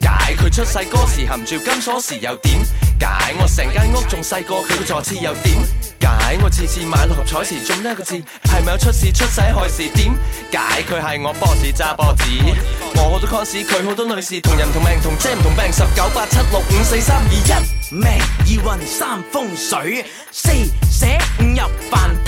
解佢出世哥時含住金鎖匙又點解？我成間屋仲細過佢個坐廁又點解？我次次買六合彩時中一個字係咪有出事出世害事？點解佢係我 boss 揸波子？我好多 cons 佢好多女士同人同命同姐唔同病。十九八七六五四三二一命二運三風水四捨五入凡。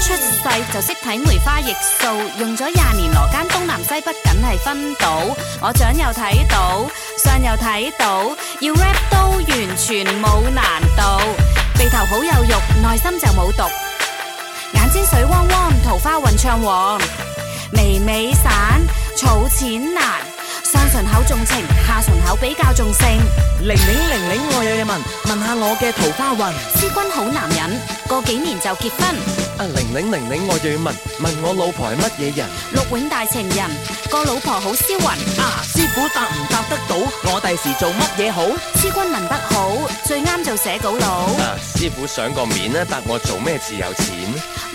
出世就識睇梅花易數，用咗廿年羅間東南西北梗係分到，我長又睇到，上又睇到，要 rap 都完全冇難度，鼻頭好有肉，內心就冇毒，眼睛水汪汪，桃花運暢旺，眉尾散，儲錢難，上唇口重情，下唇口比較重性，玲玲玲玲我有嘢問，問下我嘅桃花運，思君好男人，過幾年就結婚。啊玲玲玲玲，我又要問，問我老婆係乜嘢人？陸永大情人，個老婆好銷魂啊！師傅答唔答得到？我第時做乜嘢好？詩君文得好，最啱做寫稿佬。啊，師傅想個面啊，答我做咩字有錢？